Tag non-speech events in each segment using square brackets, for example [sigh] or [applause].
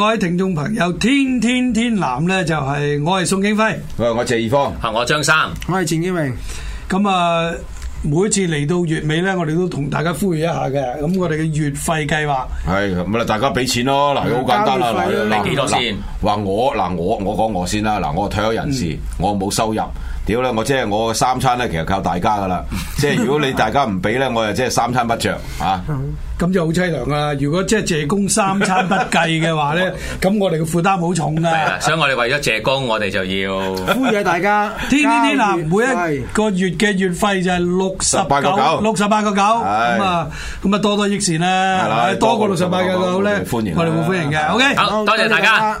各位聽眾朋友，天天天藍咧就係，我係宋景輝，我係我謝義方，吓，我張生，我係陳建明，咁啊每次嚟到月尾咧，我哋都同大家呼籲一下嘅，咁我哋嘅月費計劃係咁啊，大家俾錢咯，嗱好、嗯、簡單啦，嗱，你幾多先？話來我嗱我我講我，我先啦，嗱我退休人士，嗯、我冇收入。屌啦！我即係我三餐咧，其實靠大家噶啦。即係如果你大家唔俾咧，我又即係三餐不着，啊。咁就好淒涼啦。如果即係借公三餐不計嘅話咧，咁我哋嘅負擔好重噶。係啊，所以我哋為咗借公，我哋就要呼籲大家。天天天啦，每一個月嘅月費就係六十八個九，六十八個九。咁啊，咁啊多多益善啦！多過六十八個九咧。歡迎，歡迎，歡迎嘅。OK，多謝大家。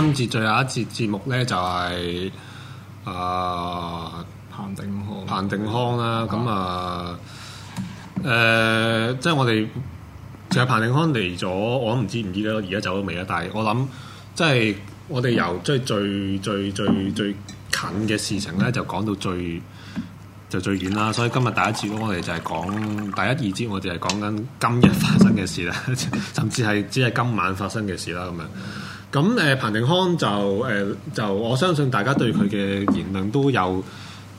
今節最後一節節目咧，就係、是、啊彭定康，彭定康啦。咁啊，誒、啊呃，即係我哋，其實彭定康嚟咗，我，我，我都唔知唔知而家走咗未啦。但係我諗，即係我哋由即係最最最最近嘅事情咧，就講到最就最遠啦。所以今日第一節我，我哋就係講第一二節，我哋係講緊今日發生嘅事啦，甚至係只係今晚發生嘅事啦，咁樣。咁誒、呃、彭定康就誒、呃、就我相信大家對佢嘅言論都有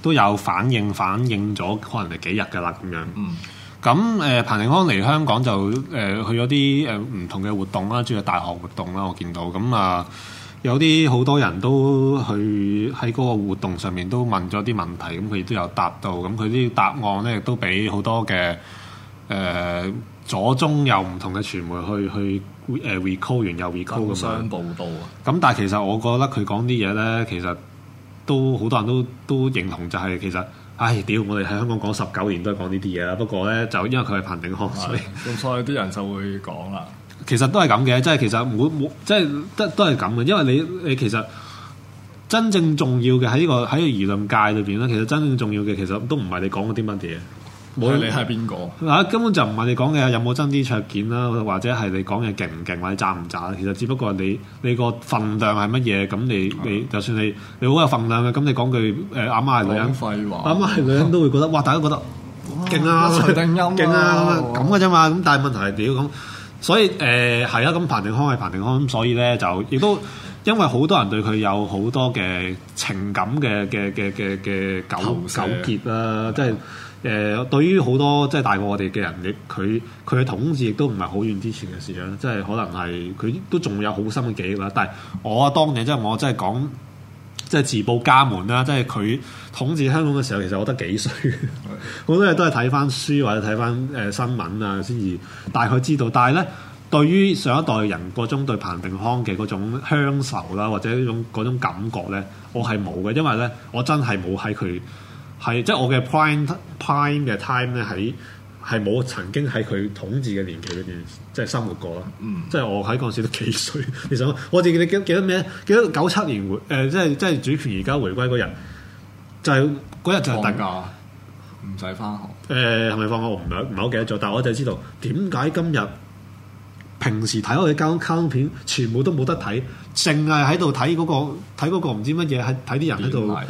都有反應，反應咗可能係幾日㗎啦咁樣。咁誒、嗯呃、彭定康嚟香港就誒、呃、去咗啲誒唔同嘅活動啦，主要大學活動啦，我見到咁啊、呃、有啲好多人都去喺嗰個活動上面都問咗啲問題，咁佢亦都有答到，咁佢啲答案咧亦都俾好多嘅誒、呃左中右唔同嘅傳媒去去誒 recall 完又 recall 咁樣報導啊！咁但係其實我覺得佢講啲嘢咧，其實都好多人都都認同、就係，就係其實，唉屌！我哋喺香港講十九年都係講呢啲嘢啦。不過咧，就因為佢係彭定康，所以啲、 [laughs] 嗯、人就會講啦。其實都係咁嘅，即係其實冇冇，即係得都係咁嘅。因為你你其實真正重要嘅喺呢個喺輿、呢個、論界裏邊咧，其實真正重要嘅其實都唔係你講嗰啲乜嘢。無論你係邊個，嗱，根本就唔係你講嘅，有冇真知灼見啦，或者係你講嘢勁唔勁，或者渣唔渣，其實只不過你你個份量係乜嘢，咁你你就算你你好有份量嘅，咁你講句誒阿媽係女人，廢話，阿媽係女人都會覺得，哇，大家覺得勁啊，彭定康勁啊，咁嘅啫嘛，咁但係問題係屌咁，所以誒係啦，咁彭定康係彭定康，咁所以咧就亦都因為好多人對佢有好多嘅情感嘅嘅嘅嘅嘅糾糾結啦，即係。誒、呃、對於好多即係大過我哋嘅人，你佢佢嘅統治亦都唔係好遠之前嘅事啦，即係可能係佢都仲有好深嘅記憶啦。但係我當年即係我真係講即係自報家門啦，即係佢統治香港嘅時候，其實我得幾歲。好 [laughs] 多嘢都係睇翻書或者睇翻誒新聞啊，先至大概知道。但係咧，對於上一代人嗰種、那個、對彭定康嘅嗰種鄉愁啦，或者一種嗰種，種感覺咧，我係冇嘅，因為咧我真係冇喺佢。係即係我嘅 pr prime prime 嘅 time 咧，喺係冇曾經喺佢統治嘅年期嗰段即係生活過咯。嗯，即係我喺嗰陣時都幾歲？其實我我記得咩？記得九七年回誒，即係即係主權而家回歸嗰日就係嗰日就係特價，唔使翻學。誒係咪放學？唔唔係好記得咗，但係我就知道點解今日。平時睇開嘅卡通片，全部都冇得睇，淨係喺度睇嗰個睇嗰個唔知乜嘢，係睇啲人喺度誒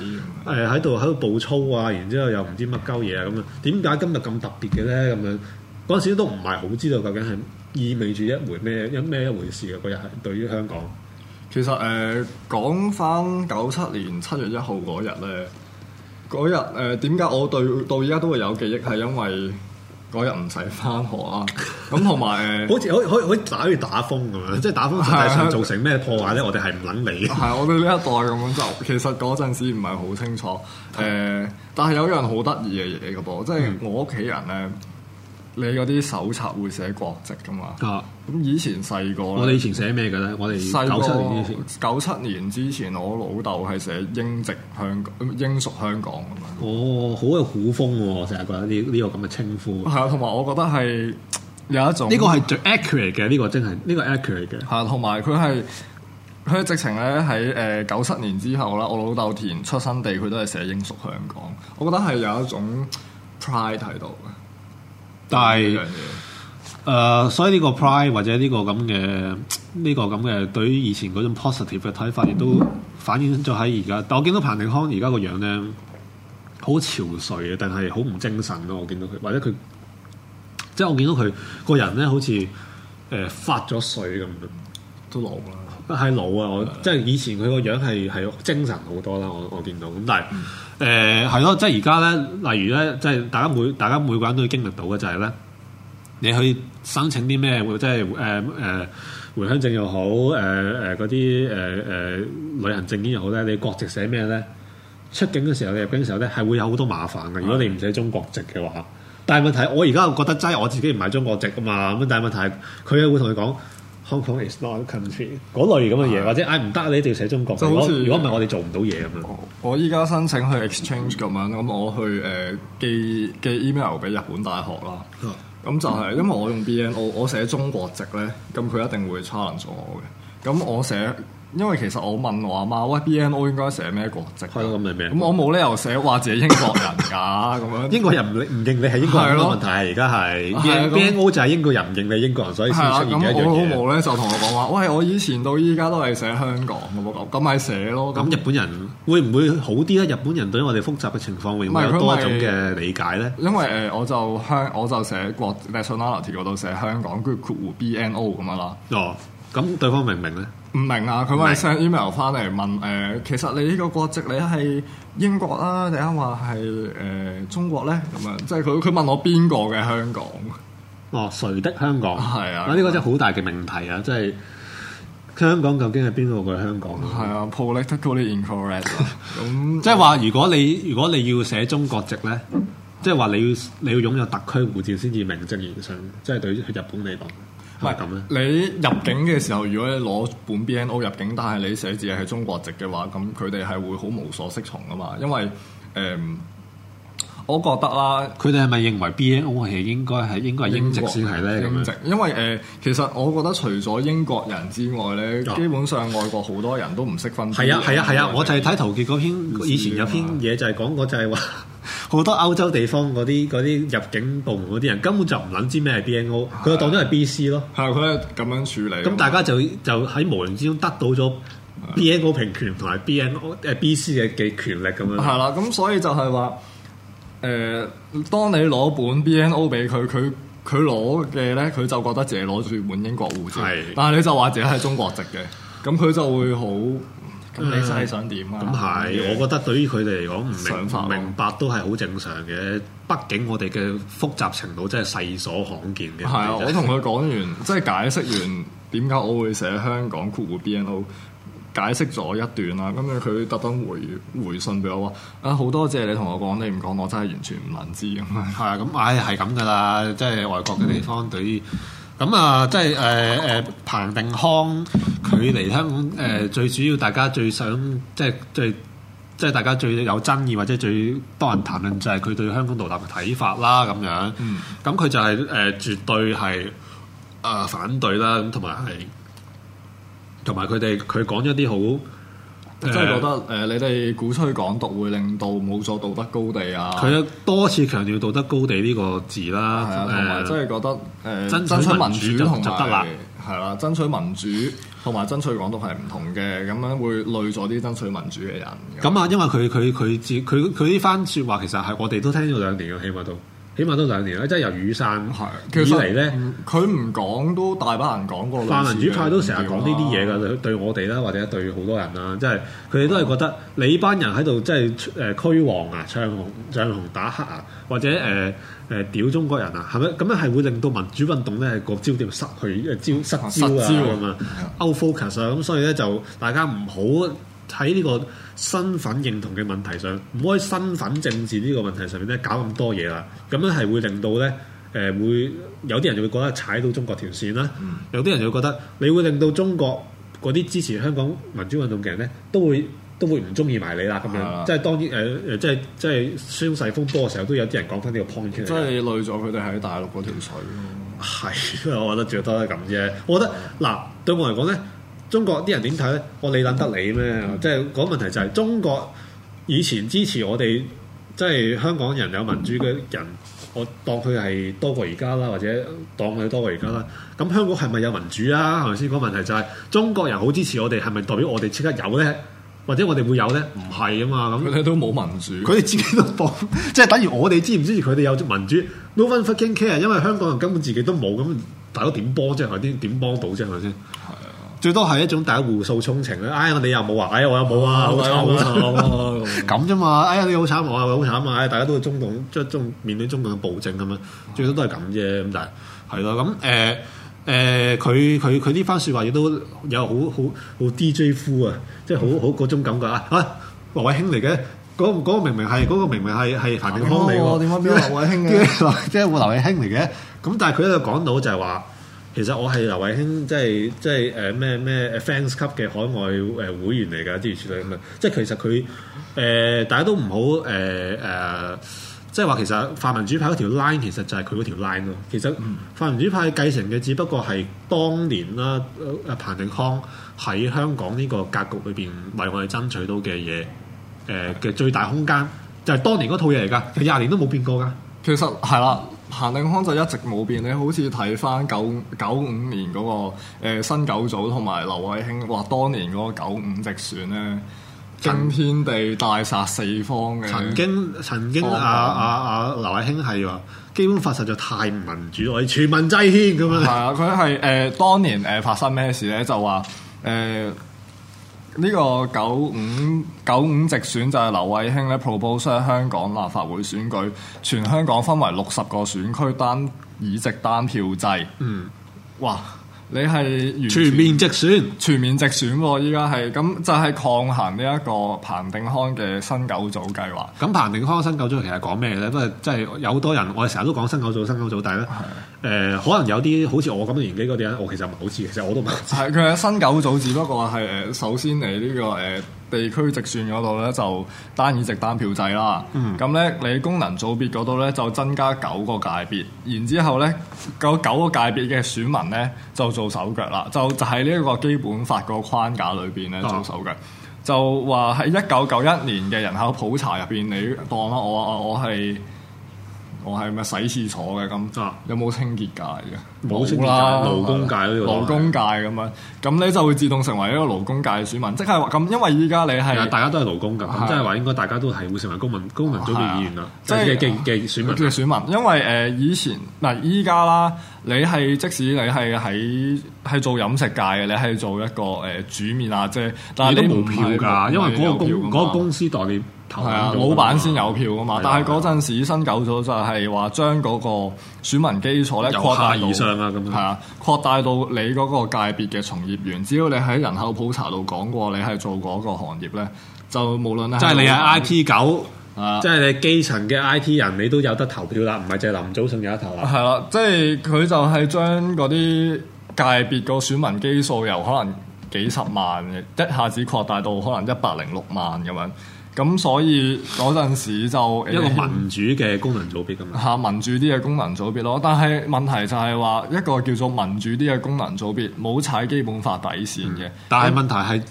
喺度喺度爆粗啊！然之後又唔知乜鳩嘢啊咁樣。點解今日咁特別嘅咧？咁樣嗰陣時都唔係好知道究竟係意味住一回咩一咩一回事嘅嗰日係對於香港。其實誒、呃、講翻九七年七月一號嗰日咧，嗰日誒點解我對到而家都會有記憶係因為？嗰日唔使翻學啊！咁同埋， [laughs] 好似可以可以可以打住打風咁樣，即係打風實際上造成咩破壞咧？我哋係唔撚理嘅。係我哋呢一代咁樣就，其實嗰陣時唔係好清楚。誒、 [laughs] 呃，但係有一樣有、就是、人好得意嘅嘢嘅噃，即係我屋企人咧。你嗰啲手冊會寫國籍噶嘛？啊！咁以前細個，我哋以前寫咩嘅咧？我哋九七年之前，九七年之前我老豆係寫英籍香港、英屬香港咁樣。哦，好有古風喎！成日覺得呢呢個咁嘅稱呼。係啊，同埋我覺得係有一種，呢個係最 accurate 嘅，呢個真係呢個 accurate 嘅。嚇，同埋佢係佢直情咧喺誒九七年之後啦，我老豆填出生地，佢都係寫英屬香港。我覺得係有一種 pride 喺度嘅。但係，誒、嗯呃，所以呢個 pride 或者呢個咁嘅呢個咁嘅，對於以前嗰種 positive 嘅睇法，亦都反映咗喺而家。但我見到彭定康而家個樣咧，好憔悴嘅，但係好唔精神咯。我見到佢，或者佢，即係我見到佢個人咧，好似誒、呃、發咗水咁，都老啦，係的老啊！我即係以前佢個樣係係精神好多啦。我我見到咁，但係。嗯誒係咯，即係而家咧，例如咧，即係大家每大家每個人都要經歷到嘅就係、是、咧，你去申請啲咩，即係誒誒回鄉證又好，誒誒嗰啲誒誒旅行證件又好咧，你國籍寫咩咧？出境嘅時候，你入境嘅時候咧，係會有好多麻煩嘅。如果你唔寫中國籍嘅話，是的 但係問題，我而家覺得齋我自己唔係中國籍㗎嘛，咁但係問題係佢會同你講。Hong Kong is not a country, 嗰類咁嘅嘢，啊、或者嗌唔得你一定要寫中國。好如果如果唔係，我哋做唔到嘢咁樣。嗯嗯、我依家申請去 exchange 咁樣，咁我去誒、呃、寄寄 email 俾日本大學啦。咁就係、是嗯、因為我用 B N，、NO，我我寫中國籍咧，咁佢一定會 challenge 我嘅。咁我寫。嗯嗯因為其實我問我阿媽，喂 B N O 應該寫咩國籍？咁你咩？咁 [music] 我冇理由寫話自己英國人噶咁 [laughs] 樣。英國人唔唔認你係英國人，的、NO、英國人，問題而家係 B N O 就係英國人唔認你英國人，所以先的出呢一樣嘢。咁我老母咧就同我講話，喂我以前到依家都係寫香港，咁咪寫咯。咁日本人會唔會好啲咧？日本人對我哋複雜嘅情況會唔會有多種嘅理解咧？因為誒，我就香，我就寫國 nationality 嗰度寫香港，跟住括弧 B N O 咁樣啦。Oh. 咁對方明唔明咧？唔明啊！佢咪 send email 翻嚟問誒，其實你呢個國籍你係英國啦，定係話係誒中國咧？咁樣即係佢佢問我邊個嘅香港？哦，誰的香港？係啊！呢個真係好大嘅命題啊！題即係香港究竟係邊個嘅香港？係啊，politically incorrect、嗯。咁 [laughs] 即係話，如果你如果你要寫中國籍咧，嗯、即係話你要你要擁有特區護照先至名正言順，即、就、係、是、對日本嚟講。唔係咁咧，是是你入境嘅時候，如果你攞本 BNO 入境，但係你寫字係中國籍嘅話，咁佢哋係會好無所適從㗎嘛？因為誒、嗯，我覺得啦，佢哋係咪認為 BNO 係應該係國應該係英籍先係咧咁樣？因為誒，其實我覺得除咗英國人之外咧，嗯、基本上外國好多人都唔識分。係啊係啊係啊，啊，啊，啊！我就係睇陶傑嗰篇，以前有篇嘢就係講過，就係話。好多歐洲地方嗰啲啲入境部門嗰啲人根本就唔諗知咩係 BNO，佢就當咗係 BC 咯。係佢咁樣處理。咁大家就就喺無形之中得到咗 BNO 平權同埋 BNO 誒 BC 嘅嘅權力咁樣。係啦，咁所以就係話誒，當你攞本 BNO 俾佢，佢佢攞嘅咧，佢就覺得自己攞住本英國護照，的但係你就話自己係中國籍嘅，咁佢就會好。咁、嗯、你真係想點啊？咁係、嗯，些我覺得對於佢哋嚟講，唔想明明白都係好正常嘅。畢竟我哋嘅複雜程度真係世所罕見嘅。係啊，我同佢講完，即係解釋完點解我會寫香港括弧 BNO，解釋咗一段啦。咁樣佢特登回回信俾我話：啊，好多謝你同我講，你唔講我真係完全唔能知咁啊。係啊，咁唉係咁㗎啦，即係外國嘅地方對於。嗯咁啊，即係誒誒彭定康，佢嚟香港誒、嗯呃、最主要，大家最想即係最即係大家最有爭議或者最多人談論就係、是、佢對香港獨立嘅睇法啦，咁樣。咁佢、嗯、就係、是、誒、呃、絕對係啊、呃、反對啦，同埋係同埋佢哋佢講咗一啲好。真係覺得誒，呃呃、你哋鼓吹港獨會令到冇咗道德高地啊！佢多次強調道德高地呢個字啦，係啊，同埋真係覺得誒，呃、爭取民主就就得啦，係啦，爭取民主同埋和爭,爭取港獨係唔同嘅，咁樣會累咗啲爭取民主嘅人。咁啊，因為佢佢佢接佢佢呢番說話，其實係我哋都聽咗兩年嘅，起碼都。起碼都兩年啦，即係由雨傘以嚟咧，佢唔講都大把人講過啦。泛民主派都成日講呢啲嘢噶，啊、對我哋啦，或者對好多人啦，即係佢哋都係覺得、嗯、你班人喺度即係誒驅蝗啊、唱紅、唱紅打黑啊，或者誒誒屌中國人啊，係咪咁樣係會令到民主運動咧個焦點失去、呃、焦失焦啊嘛？Out focus 啊，咁所以咧就大家唔好。喺呢個身份認同嘅問題上，唔可以身份政治呢個問題上面咧搞咁多嘢啦，咁樣係會令到咧誒、呃、會有啲人就會覺得踩到中國條線啦，嗯、有啲人就會覺得你會令到中國嗰啲支持香港民主運動嘅人咧都會都會唔中意埋你啦咁樣，的即係當然誒誒，即係即係宣誓風波嘅時候，都有啲人講翻呢個 point 出嚟，真係累咗佢哋喺大陸嗰條水咯、啊，係，我覺得最多係咁啫，我覺得嗱對我嚟講咧。呢中國啲人點睇咧？我理撚得你咩？即係嗰個問題就係、是、中國以前支持我哋，即、就、係、是、香港人有民主嘅人，我當佢係多過而家啦，或者當佢多過而家啦。咁香港係咪有民主啊？係咪先？嗰個問題就係、是、中國人好支持我哋，係咪代表我哋即刻有咧？或者我哋會有咧？唔係啊嘛，咁佢都冇民， [laughs] 民主，佢哋自己都幫，即係等於我哋支唔支持佢哋有民主？No one fucking care，因為香港人根本自己都冇咁，大家點幫即係啲點幫到啫？係咪先？最多係一種大家互訴衷情咧，哎呀你哎呀我哋又冇啊，哎我又冇啊，好慘啊，咁啫嘛，哎呀你好慘啊，我好慘啊，哎大家都中共即係中面對中共嘅暴政咁啊，最多都係咁啫，咁但係係咯，咁誒誒佢佢佢呢番説話亦都有好好好 DJ feel 啊，即係好好嗰種感覺啊，啊劉慧卿嚟嘅，嗰、嗰個明明係嗰、嗰個明明係係馮正芳嚟個明明，點解變劉慧卿嘅？即係我劉慧卿嚟嘅，咁 [laughs] 但係佢喺度講到就係話。其實我係劉偉興，即係即係誒咩、呃、咩 fans 級嘅海外誒會員嚟㗎，諸如此類咁樣。即係其實佢誒、呃、大家都唔好誒誒，即係話其實泛民主派嗰條 line 其實就係佢嗰條 line 咯。其實泛民主派繼承嘅只不過係當年啦、呃，彭定康喺香港呢個格局裏邊為我哋爭取到嘅嘢，誒、呃、嘅最大空間就係、是、當年嗰套嘢嚟㗎，廿年都冇變過㗎。其實係啦。彭定康就一直冇變，你好似睇翻九九五年嗰個新九組同埋劉慧卿，話當年嗰個九五直選咧，驚天地大殺四方嘅，曾經曾經啊啊啊劉慧卿係話基本法實在太唔民主，係全民制憲咁啊！係啊，佢係誒當年誒發生咩事咧？就話誒。呃呢個九五九五直選就係劉慧卿咧，propose 喺香港立法會選舉，全香港分為六十個選區單，單議席單票制。嗯，嘩！你係全，全面直選，全面直選喎、啊，依家係咁就係抗衡呢一個彭定康嘅新九組計劃。咁彭定康新九組其實講咩咧？都係即係有好多人，我哋成日都講新九組、新九組，但係咧，誒的、呃、可能有啲好似我咁年紀嗰啲咧，我其實唔係好似。其實我都唔係。係佢嘅新九組，只不過係誒、呃，首先你呢、呢個誒。呃地區直選嗰度咧就單議席單票制啦，咁咧、嗯、你功能組別嗰度咧就增加九個界別，然之後咧九個界別嘅選民咧就做手腳啦，就就喺呢一個基本法個框架裏邊咧做手腳，啊、就話喺一九九一年嘅人口普查入邊，你當啦，我我我係我係咪洗廁所嘅咁，有冇清潔界嘅？冇識啦，勞工界嗰度，勞工界咁樣，咁你就會自動成為一個勞工界嘅選民，即係咁，因為依家你係大家都係勞工噶，咁即係話應該大家都係會成為公民、公民組別議員啦，即係嘅嘅選民嘅選民，因為誒以前嗱依家啦，你係即使你係喺係做飲食界嘅，你係做一個誒煮麵阿姐，但你都冇票㗎，因為嗰個公司代你投，老闆先有票㗎嘛，但係嗰陣時新九組就係話將嗰個選民基礎咧擴大到。係啊，擴大到你嗰個界別嘅從業員，只要你喺人口普查度講過你係做嗰個行業咧，就無論係即係你係 IT 九，即係你基層嘅 IT 人，你都有得投票啦，唔係就係林祖信有得投啦。係咯，即係佢就係將嗰啲界別個選民基數由可能幾十萬，一下子擴大到可能一百零六萬咁樣。咁所以嗰陣時就一個民主嘅功能組別噶嘛，嚇民主啲嘅功能組別咯，但係問題就係話一個叫做民主啲嘅功能組別冇踩基本法底線嘅，但係、嗯、以問題係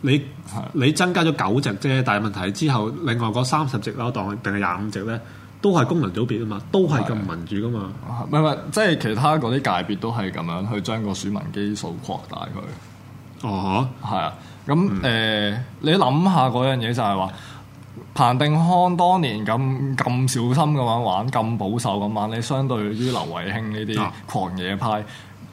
你是的 你增加咗九隻啫，但係問題之後另外嗰三十隻啦，當定係廿五隻咧，都係功能組別啊嘛，都係咁民主噶嘛，唔係唔係即係其他嗰啲界別都係咁樣去將個選民基數擴大佢，大哦哈，係啊。咁誒那、嗯呃，你諗下嗰樣嘢就係話，彭定康當年咁咁小心咁玩，咁保守咁玩，你相對於劉慧卿呢啲狂野派，啊、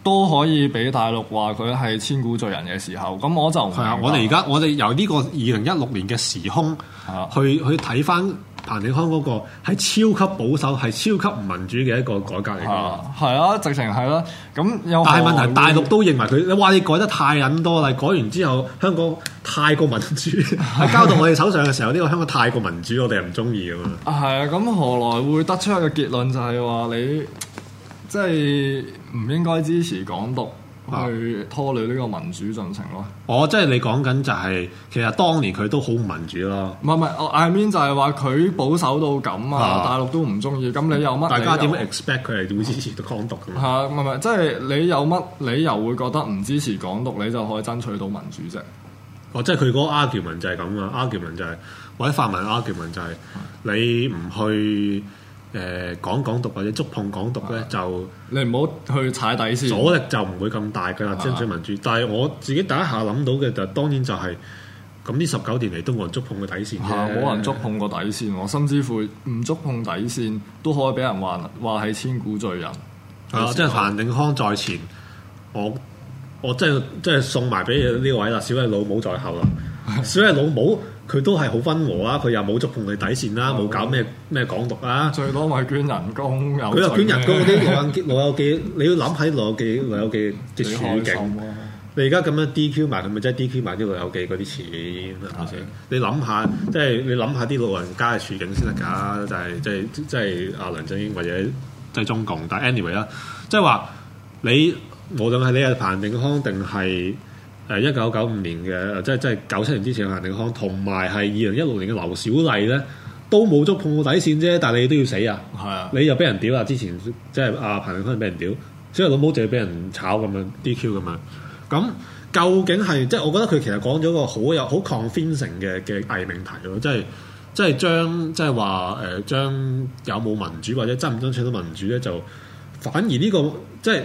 都可以俾大陸話佢係千古罪人嘅時候，咁我就係啊！我哋而家我哋由呢個二零一六年嘅時空去、啊、去睇翻。彭定康嗰個係超級保守、係超級唔民主嘅一個改革嚟㗎。係啊，直情係啦。咁有。但係問題，大陸都認為佢你話你改得太忍多啦，改完之後香港太過民主，喺 [laughs] 交到我哋手上嘅時候，呢、呢個香港太過民主，我哋又唔中意㗎嘛。係 [laughs] 啊，咁何來會得出一個結論就，就係話你即係唔應該支持港獨？去拖累呢個民主進程咯。哦，即係你講緊就係、是，其實當年佢都好唔民主咯。唔係唔係，我 I mean 就係話佢保守到咁啊，啊大陸都唔中意。咁你有乜？大家點 expect 佢哋會支持港獨嘅？嚇，唔係唔係，即係你有乜理由會覺得唔支持港獨，你就可以爭取到民主啫？哦，即係佢嗰個 argument 就係咁啊，argument 就係或者泛民 argument 就係、是啊、你唔去。誒、呃、講港獨或者觸碰港獨咧，的就你唔好去踩底線，阻力就唔會咁大嘅啦。爭取的民主，的但係我自己第一下諗到嘅就係、是、當然就係咁呢十九年嚟都冇人觸碰個底線，冇人觸碰個底線，甚至乎唔觸碰底線都可以俾人話啦，話係千古罪人。啊的，即係彭定康在前，我我即係即係送埋俾呢位啦，小嘅老母在後啦，小嘅老母。 [laughs] 佢都係好溫和啊！佢又冇觸碰你底線啦，冇、哦、搞咩咩港獨啊！最多咪捐人工，佢又捐人工嗰啲 [laughs] 老人、老友記，你要諗喺老友記、老友記嘅處境。你而家咁樣 DQ 埋，佢咪真係 DQ 埋啲老友記嗰啲錢？你諗下，即係你諗下啲老人家嘅處境先得㗎。就係即係即係阿梁振英或者即係中共，但係 anyway 啦，即係話你無論係你係彭定康定係。誒一九九五年嘅，即係即係九七年之前嘅彭定康，同埋係二零一六年嘅劉小麗咧，都冇觸碰到底線啫，但係你都要死啊！係啊，你又俾人屌啊！之前即係阿彭定康俾人屌，所以 [noise] 老母就要俾人炒咁樣 DQ 咁樣。咁究竟係即係我覺得佢其實講咗個好有好 confusing 嘅嘅偽命題咯，即係即係將即係話誒，將有冇民主或者真唔真取到民主咧，就反而呢個即係。即即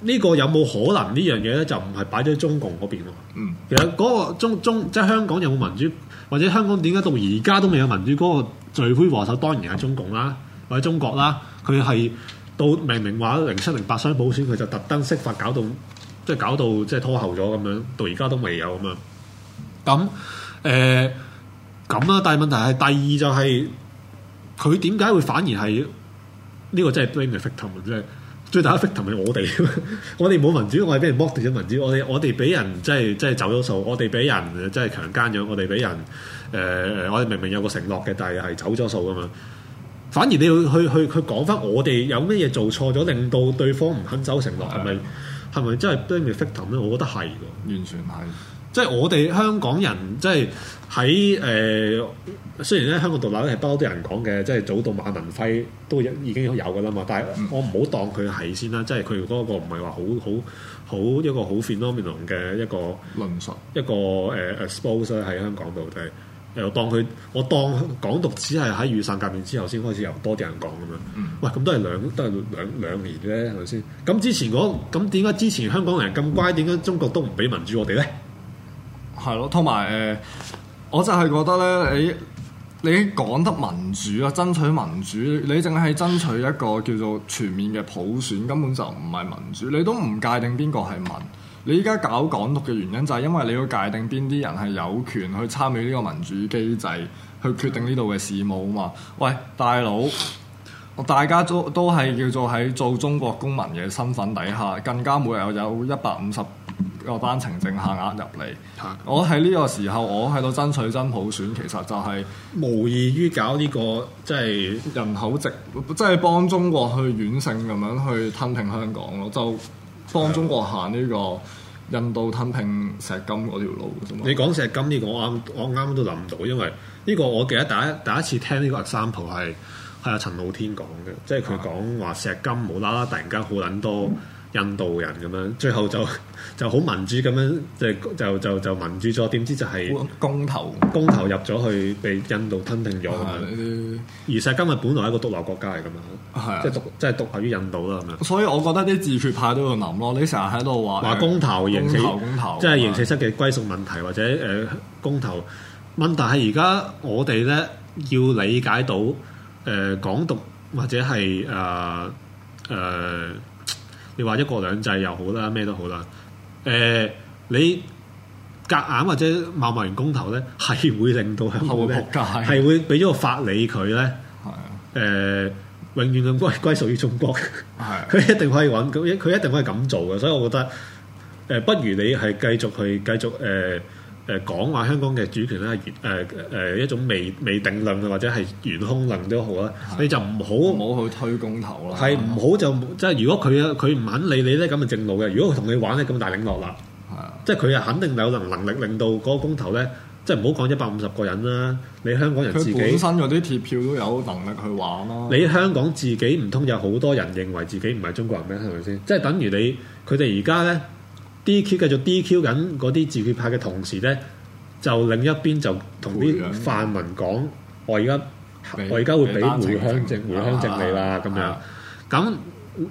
呢個有冇可能呢樣嘢咧？就唔係擺咗喺中共嗰邊喎。其實嗰個中中即係香港有冇民主，或者香港點解到而家都未有民主？嗰個罪魁禍首當然係中共啦，或者中國啦。佢係到明明話零七零八雙普選，佢就特登釋法搞到，即係搞到即係拖後咗咁樣，到而家都未有咁啊。咁誒咁啊！但係問題係第二就係佢點解會反而係呢個真係 blaming the victim 啊！真係。最大一 victim 係我哋， [laughs] 我哋冇民主，我哋俾人剝奪咗民主。我哋我哋俾人即係即係走咗數，我哋俾人即係強姦咗，我哋俾人誒、呃，我哋明明有個承諾嘅，但係係走咗數㗎嘛。反而你要去去去講翻我哋有咩嘢做錯咗，令到對方唔肯走承諾，係咪係咪真係 being a victim 呢？我覺得係喎，完全係。即係我哋香港人，即係喺誒。雖然咧，香港獨立咧係多啲人講嘅，即係早到馬文輝都已經有㗎啦嘛。但係我唔好當佢係先啦，嗯、即係佢嗰個唔係話好好好一個好 phenomenon 嘅一個論述上一個誒誒、呃、spouse 喺香港度，就係、是、又、呃、當佢我當港獨只係喺雨傘革命之後先開始有，由多啲人講㗎嘛。喂，咁都係兩都係兩兩,兩年咧，係咪先？咁之前嗰咁點解之前香港人咁乖？點解中國都唔俾民主我哋咧？係咯，同埋誒，我就係覺得咧，你你講得民主啊，爭取民主，你淨係爭取一個叫做全面嘅普選，根本就唔係民主。你都唔界定邊個係民。你依家搞港獨嘅原因就係因為你要界定邊啲人係有權去參與呢個民主機制，去決定呢度嘅事務啊嘛。喂，大佬，大家都都係叫做喺做中國公民嘅身份底下，更加每日有一百五十個單程證下額入嚟，我喺呢個時候，我喺度爭取真普選，其實就係無異於搞呢、這個即係、就是、人口值，即係幫中國去軟性咁樣去吞併香港咯，就幫中國行呢個印度吞併錫金嗰條路。是是，你講錫金呢個我，我啱我啱都諗唔到，因為呢個我記得第一第一次聽呢個 example 係係啊陳浩天講嘅，即係佢講話錫金無啦啦突然間好撚多。嗯印度人咁樣，最後就就好民主咁樣，就就就，就民主咗。點知就係公投，公投入咗去被印度吞定咗。啊、而錫金本來一個獨立國家嚟㗎嘛，即係獨即係獨立於印度啦。所以，我覺得啲自決派都要諗咯。你成日喺度話話公投，公投，即係形式質嘅歸屬問題，或者誒、呃、公投問但。但係而家我哋咧要理解到誒、呃、港獨或者係誒誒。呃呃你話一國兩制又好啦，咩都好啦，誒、呃、你夾硬，硬或者貿貿然公投咧，係會令到係咩？係、就是、會俾咗個法理佢咧，誒的、呃、永遠咁歸歸屬於中國。係佢的 [laughs] 一定可以揾，咁佢一定可以咁做嘅，所以我覺得誒、呃，不如你係繼續去繼續誒。呃誒講話香港嘅主權咧係誒誒一種未未定論嘅，或者係懸空論都好啦，所以就唔好唔去推公投啦。係唔好就即係如果佢佢唔肯理你咧，咁啊正路嘅。如果佢同你玩咧，咁大領落啦，的即係佢啊肯定有能能力令到嗰個公投咧，即係唔好講一百五十個人啦，你香港人自己本身嗰啲鐵票都有能力去玩囉。你香港自己唔通有好多人認為自己唔係中國人咩？係咪先？即係等於你佢哋而家咧。DQ 繼續 DQ 緊嗰啲自決派嘅同時咧，就另一邊就同啲泛民講：我而家給我而家會俾回鄉證、回鄉證你啦。咁、啊、樣咁、啊、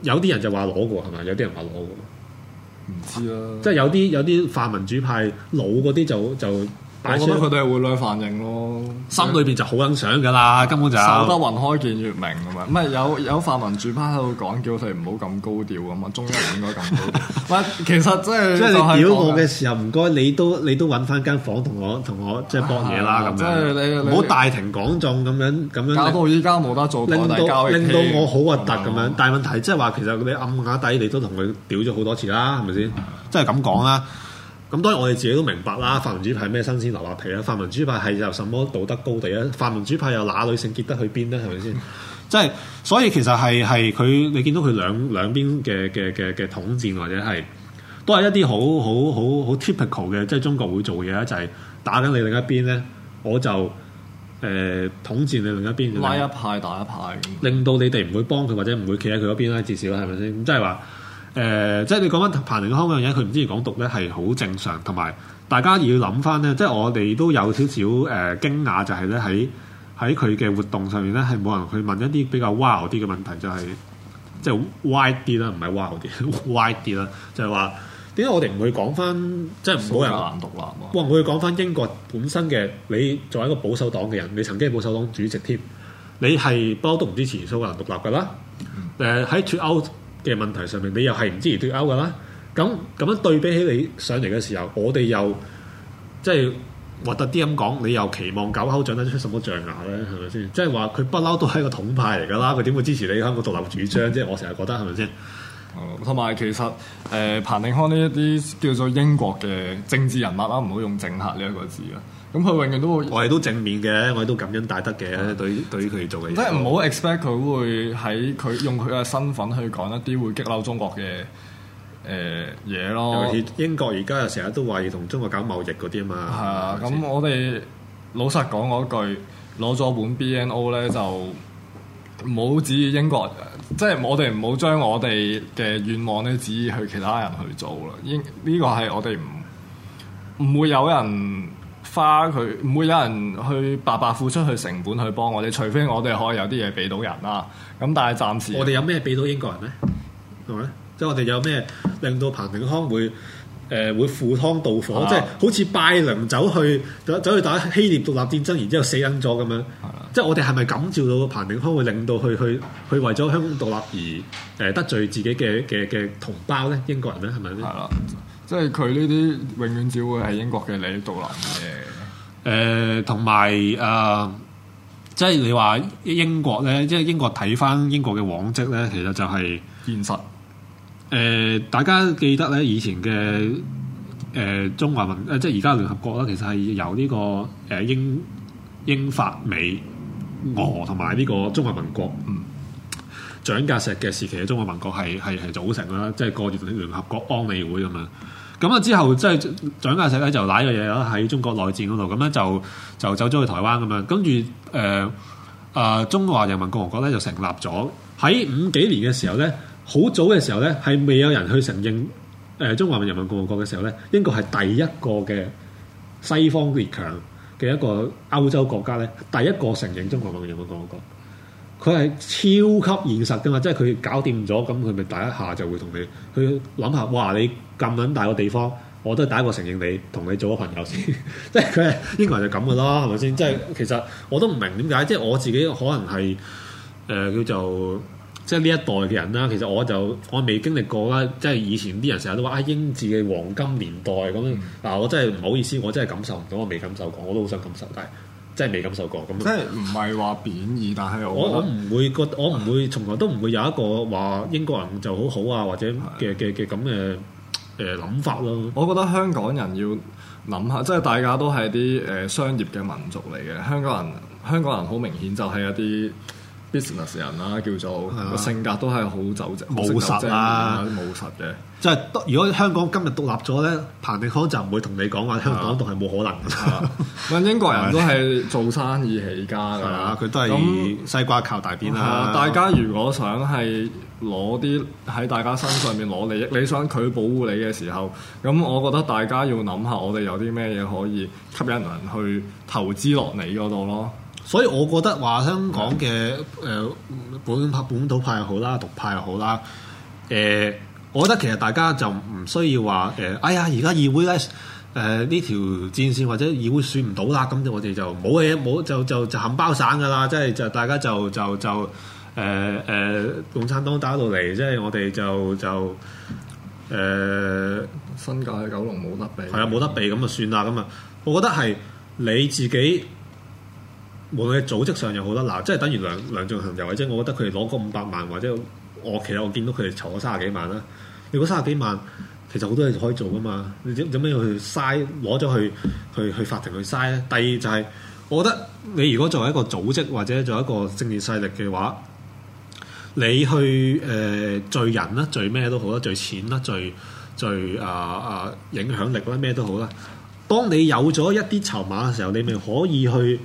有啲人就話攞嘅係咪？有啲人話攞嘅，唔知啦、啊。即係有啲有啲泛民主派老嗰啲就就。就我覺得佢哋係會女份型咯，心裏邊就好欣賞噶啦，根本就守得雲開見月明咁啊！唔係有有泛民主派喺度講，叫佢唔好咁高調咁啊！中央唔應該咁高調。唔係其實即係即係你屌我嘅時候，唔該你都你都揾翻間房同我同我即係搏嘢啦咁樣。即係你唔好大庭廣眾咁樣咁樣。搞到依家冇得做，大到令到我好核突咁樣。但係問題即係話，其實你暗下底你都同佢屌咗好多次啦，係咪先？即係咁講啦。咁當然我哋自己都明白啦，泛民主派咩新鮮蘿蔔皮啦、啊，泛民主派係由什麼道德高地啊？泛民主派又哪裏性結得去邊咧？係咪先？即係、 [laughs] 就是、所以其實係係佢你見到佢兩兩邊嘅嘅嘅嘅統戰或者係都係一啲好好好好 typical 嘅，即係、就是、中國會做嘢啦，就係、是、打緊你另一邊咧，我就誒、呃、統戰你另一邊，拉一派打一派，令到你哋唔會幫佢或者唔會企喺佢嗰邊啦，至少係咪先？即係話。就是誒、呃，即係你講翻彭定康嗰樣嘢，佢唔支持港獨咧，係好正常。同埋大家要諗翻咧，即係我哋都有少少誒驚訝就，就係咧喺喺佢嘅活動上面咧，係冇人去問一啲比較 wild 啲嘅問題，就係即係 why 啲啦，唔係 wild 啲，why 啲啦，就係、是、話點解 [laughs] [laughs] 我哋唔會講翻，嗯、即係冇人港獨立喎？唔會講翻英國本身嘅你作為一個保守黨嘅人，你曾經係保守黨主席添，你係不嬲都唔支持蘇格蘭獨立噶啦。誒喺脱歐，嗯嘅問題上面，你又係唔支持脫歐噶啦？咁樣，咁樣對比起你上嚟嘅時候，我哋又即係核突啲咁講，你又期望狗口長得出什麼象牙咧？係咪先？即係話佢不嬲都係一個統派嚟噶啦，佢點會支持你香港獨立主張？即係 [laughs] 我成日覺得係咪先？同埋其實誒、呃，彭定康呢一啲叫做英國嘅政治人物啦，唔好用政客呢一個字啊。咁佢永遠都會，我哋都正面嘅，我哋都感恩戴德嘅的。對對於佢做嘅嘢，即係唔好 expect 佢會喺佢用佢嘅身份去講一啲會激嬲中國嘅誒嘢咯。呃、英國而家又成日都話要同中國搞貿易嗰啲啊嘛。係啊的，咁是我哋老實講嗰句，攞咗本 B N O 咧，就唔好指意英國，即、就、係、是、我哋唔好將我哋嘅願望咧指意去其他人去做啦。應呢、呢個係我哋唔唔會有人。花佢唔會有人去白白付出去成本去幫我哋，除非我哋可以有啲嘢俾到人啦。咁但係暫時，我哋有咩俾到英國人呢？係咪？即係我哋有咩令到彭定康會誒、呃、會赴湯蹈火？是啊、即係好似拜倫走去走去打希臘獨立戰爭，然之後死恩咗咁樣。是啊、即係我哋係咪感召到彭定康會令到佢去去為咗香港獨立而誒得罪自己嘅嘅嘅同胞呢？英國人呢？係咪咧？是啊即係佢呢啲，永遠只會係英國嘅嚟獨攬嘅。誒 [laughs] 、呃，同埋啊，即係你話英國咧，即係英國睇返英國嘅往績咧，其實就係、是、現實。誒、呃，大家記得咧，以前嘅誒、呃、中華民誒，即係而家聯合國啦，其實係由呢、這個誒、呃、英英法美俄同埋呢個中華民國，嗯，蔣介石嘅時期嘅中華民國係係係組成啦，即係過住聯合國安理會咁樣。咁啊之後即係蔣介石咧就舐咗嘢啦，喺中國內戰嗰度，咁樣就就走咗去台灣咁啊，跟住誒啊中華人民共和國咧就成立咗。喺五幾年嘅時候咧，好早嘅時候咧，係未有人去承認誒中華人民共和國嘅時候咧，英國係第一個嘅西方列強嘅一個歐洲國家咧，第一個承認中國人民共和國。佢係超級現實噶嘛，即係佢搞掂咗，咁佢咪第一下就會同你，佢諗下，哇！你咁撚大個地方，我都係第一個承認你，同你做個朋友先。即係佢係應該就咁噶啦，係咪先？吧即係其實我都唔明點解，即係我自己可能係誒叫做即係呢一代嘅人啦。其實我就我未經歷過啦，即係以前啲人成日都話啊英治嘅黃金年代咁嗱，樣嗯，但我真係唔好意思，我真係感受唔到，我未感受過，我都好想感受，但係。即係未感受過咁，即係唔係話貶義，但係我我唔會覺，我唔會從來都唔會有一個話英國人就好好啊，或者嘅嘅嘅咁嘅誒諗法咯。我覺得香港人要諗下，即係大家都係啲誒商業嘅民族嚟嘅。香港人香港人好明顯就係一啲 business 人啦，叫做個、啊、性格都係好走直，務實啦，務走實嘅。就係，如果香港今日獨立咗呢，彭定康就唔會同你講話香港獨係冇可能嘅。咁、啊、 [laughs] 英國人都係做生意起家㗎，佢、啊、都係以西瓜靠大邊啦、啊。大家如果想係攞啲喺大家身上面攞利益，你想佢保護你嘅時候，咁我覺得大家要諗下，我哋有啲咩嘢可以吸引人去投資落你嗰度咯。所以我覺得話香港嘅誒、呃、本本土派又好啦，獨派又好啦，誒、呃。我覺得其實大家就唔需要話誒，哎呀，而家議會咧誒呢條戰線或者議會選唔、呃呃、到啦，咁我哋就冇嘢冇就就就冚包散㗎啦，即係就大家就就就誒誒共產黨打到嚟，即係我哋就就誒新界九龍冇得避，係啊冇得避咁就算啦咁啊，我覺得係你自己無論係組織上又好得嗱即係等於梁梁頌恆又或者，我覺得佢哋攞嗰五百萬或者。我其實我見到佢哋籌咗卅幾萬啦，如果卅幾萬其實好多嘢可以做噶嘛，你點點解要去嘥攞咗去去去法庭去嘥咧？第二就係、是，我覺得你如果作為一個組織或者作為一個政治勢力嘅話，你去誒聚、呃、人啦，聚咩都好啦，聚錢啦，聚聚啊啊影響力啦咩都好啦，當你有咗一啲籌碼嘅時候，你咪可以去。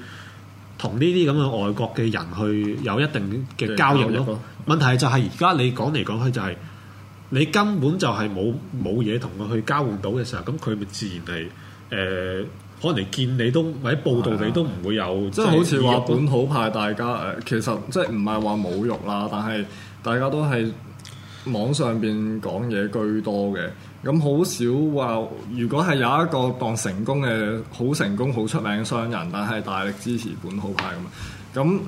同呢啲咁嘅外國嘅人去有一定嘅交易咯。易問題就係而家你講嚟講去就係，你根本就係冇冇嘢同佢去交換到嘅時候，咁佢咪自然係誒、呃、可能嚟見你都或者報道你都唔會有。即係、就是、好似話本土派大家誒、呃，其實即係唔係話侮辱啦，但係大家都係網上邊講嘢居多嘅。咁好少話，如果係有一個當成功嘅好成功好出名嘅商人，但係大力支持本土派咁啊，咁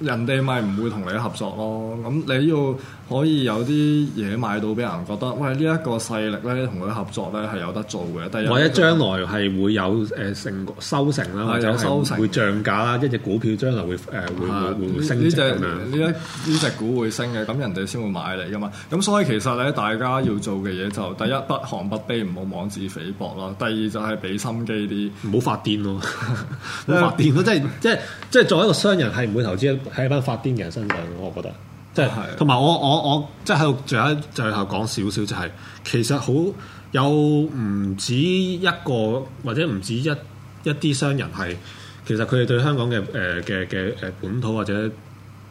人哋咪唔會同你合作咯。咁你要，可以有啲嘢賣到俾人覺得，喂呢一個勢力咧同佢合作咧係有得做嘅。第一或者將來係會有誒成收成啦，或者收成會漲價啦，一隻股票將來會誒會會會升值咁樣。呢隻呢一呢隻股會升嘅，咁人哋先會買嚟噶嘛。咁所以其實咧，大家要做嘅嘢就第一不恆不卑，唔好妄自菲薄啦。第二就係俾心機啲，唔好發癲咯。唔好發癲，真係即係即係作為一個商人，係唔會投資喺一班發癲嘅人身上。我覺得。即係，同埋、就是、我我我即係喺度最後最後講少少，就係其實好有唔止一個或者唔止一一啲商人係，其實佢哋對香港嘅誒嘅嘅誒本土或者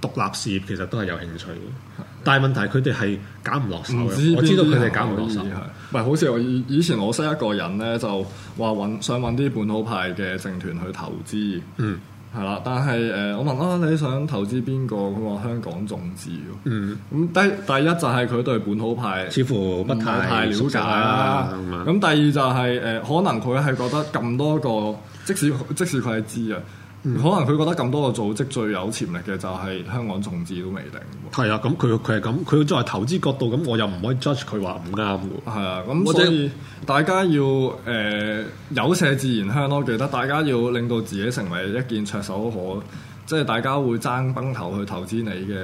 獨立事業其實都係有興趣嘅。但係問題佢哋係搞唔落手嘅，知我知道佢哋搞唔落手。係唔係？好似我以以前我識一個人呢，就話想揾啲本土派嘅政團去投資。嗯。係啦，但係誒、呃，我問啦、啊，你想投資邊個？佢話香港眾志？嗯。咁第、嗯、第一就係、是、佢對本土派似乎不太了解啦。咁、嗯、第二就係、是、誒、呃，可能佢係覺得咁多個，即使即使佢係知啊。嗯、可能佢覺得咁多個組織最有潛力嘅就係香港眾志都未定。係、嗯、啊，咁佢佢係咁，佢作為投資角度，咁我又唔可以 judge 佢話唔啱喎。係、嗯、啊，咁所以大家要誒、呃、有麝自然香咯，我記得大家要令到自己成為一件灼手可，即、就、係、是、大家會爭崩頭去投資你嘅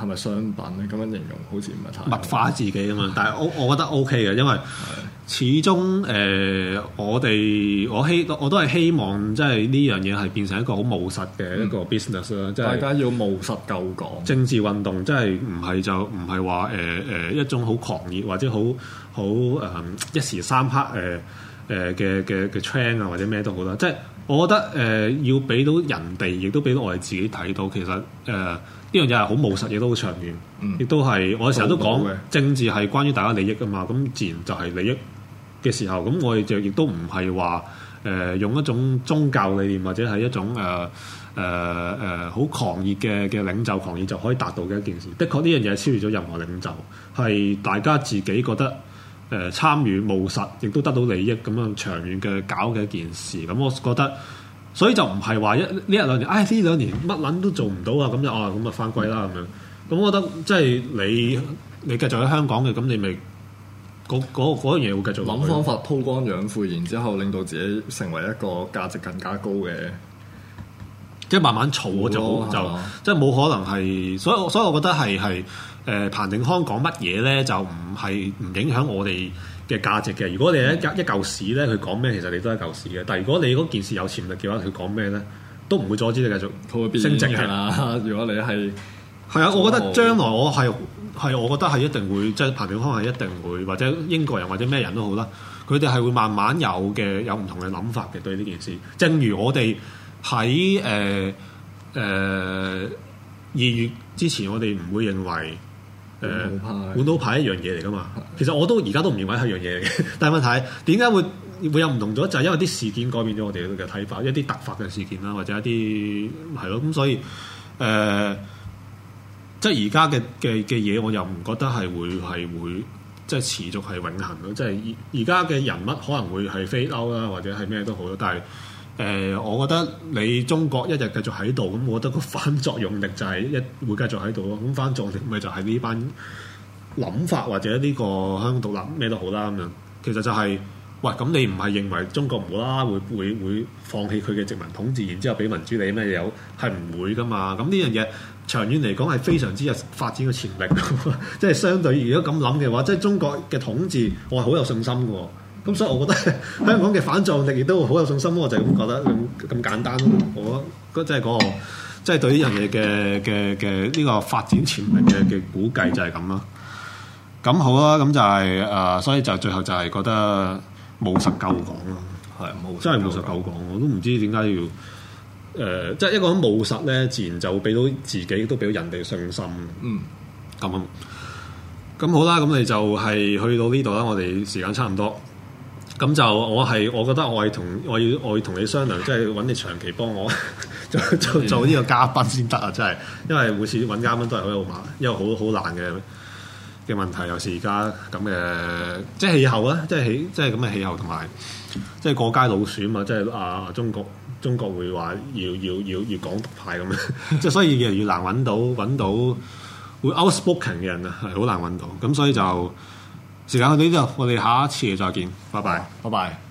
係咪商品咧，咁樣形容好似唔係太物化自己啊嘛。 [laughs] 但係我我覺得 O K 嘅，因為。始終誒、呃，我哋我希我都係希望，即係呢樣嘢係變成一個好務實嘅一個 business 啦，嗯。即係是大家要務實救港政治運動，即係唔係就唔係話誒誒一種好狂熱或者好好誒一時三刻誒誒嘅嘅嘅 trend 啊，呃呃、nd, 或者咩都好啦。即係我覺得誒、呃、要俾到人哋，亦都俾到我哋自己睇到，其實誒。呃呢樣嘢係好務實，亦都好長遠，亦、嗯、都係我成日都講政治係關於大家利益㗎嘛，咁自然就係利益嘅時候，咁我哋就亦都唔係話誒用一種宗教理念或者係一種誒誒誒好狂熱嘅嘅領袖狂熱就可以達到嘅一件事。的確呢樣嘢超越咗任何領袖，係大家自己覺得誒、呃、參與務實，亦都得到利益咁樣長遠嘅搞嘅一件事。咁我覺得。所以就唔係話一呢一兩年，唉，呢兩年乜撚都做唔到啊！咁、啊、就哦咁、嗯、啊翻歸啦咁樣。咁我覺得即係你你繼續喺香港嘅，咁你咪嗰樣嘢會繼續諗方法，韜光養晦，然之後令到自己成為一個價值更加高嘅、哦，即係慢慢儲咗就即係冇可能係。嗯、所以所以我覺得係係誒彭定康講乜嘢咧，就唔係唔影響我哋。嘅價值嘅，如果你係一、嗯、一嚿屎咧，佢講咩，其實你都係一嚿屎嘅。但係如果你嗰件事有潛力嘅話，佢講咩咧，都唔會阻止你繼續升值嘅。如果你係係啊，我覺得將來我係係，我覺得係一定會，即、就、係、是、彭定康係一定會，或者英國人或者咩人都好啦，佢哋係會慢慢有嘅，有唔同嘅諗法嘅對呢件事。正如我哋喺誒誒二月之前，我哋唔會認為。誒換刀牌一樣嘢嚟㗎嘛，其實我都而家都唔認為係一樣嘢嚟嘅，但係問題點解會會有唔同咗？就係、是、因為啲事件改變咗我哋嘅睇法，一啲突發嘅事件啦，或者一啲係咯，咁所以誒、呃，即係而家嘅嘅嘅嘢，我又唔覺得係會係會即係持續係永恆咯。即係而家嘅人物可能會係 fade out 啦，或者係咩都好咯，但係。誒、呃，我覺得你中國一日繼續喺度，咁我覺得個反作用力就係一會繼續喺度咯。咁反作用力咪就係呢班諗法或者呢個香港獨立咩都好啦。咁樣其實就係、是，喂，咁你唔係認為中國無啦啦會會會放棄佢嘅殖民統治，然之後俾民主你咩嘢有？係唔會噶嘛。咁呢樣嘢長遠嚟講係非常之有發展嘅潛力呵呵。即係相對，如果咁諗嘅話，即係中國嘅統治，我係好有信心嘅。咁所以，我覺得香港嘅反作用力亦都好有信心，我就係咁覺得咁咁簡單咯。我覺得即係講，即、就、係、是那個就是、對於人哋嘅嘅嘅呢個發展潛力嘅嘅估計就係咁咯。咁好啦，咁就係、是、誒、呃，所以就最後就係覺得務實救港咯，係冇，真係務實救港。我都唔知點解要誒，即、呃、係、就是、一個務實咧，自然就俾到自己，亦都俾到人哋信心。嗯，咁咁好啦，咁你就係去到呢度啦，我哋時間差唔多。咁就我係，我覺得我係同我要我要同你商量，即係揾你長期幫我 [laughs] 做做做呢個嘉賓先得啊！真係，因為每次揾嘉賓都係好麻煩，因為好好難嘅嘅問題，尤其而家咁嘅即係氣候啦，即係氣，即係咁嘅氣候同埋即係過街老鼠啊嘛！即係啊中國中國會話要要要要港獨派咁，即 [laughs] 係所以越嚟越難揾到揾到會 outspoken 嘅人啊，係好難揾到，咁所以就。時間到呢度，我哋下一次再見，拜拜，拜拜。拜拜。